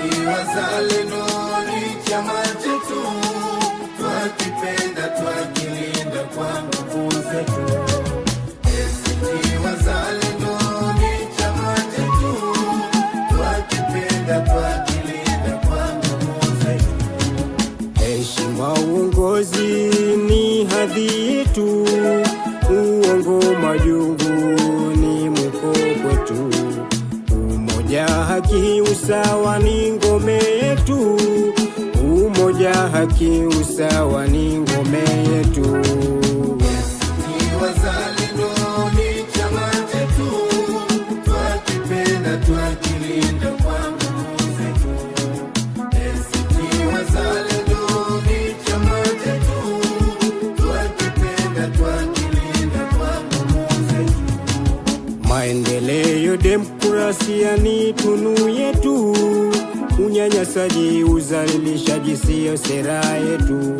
Sisi wazalendo ni chama chetu, twakipenda twakilinda kwa nguvu zetu. Heshima uongozi ni hadhi yetu, uongo majungu Umoja, haki, usawa ni ngome yetu. Umoja, haki, usawa ni ngome Maendeleo, demokrasia ni tunu yetu. Unyanyasaji, uzalilishaji siyo sera yetu.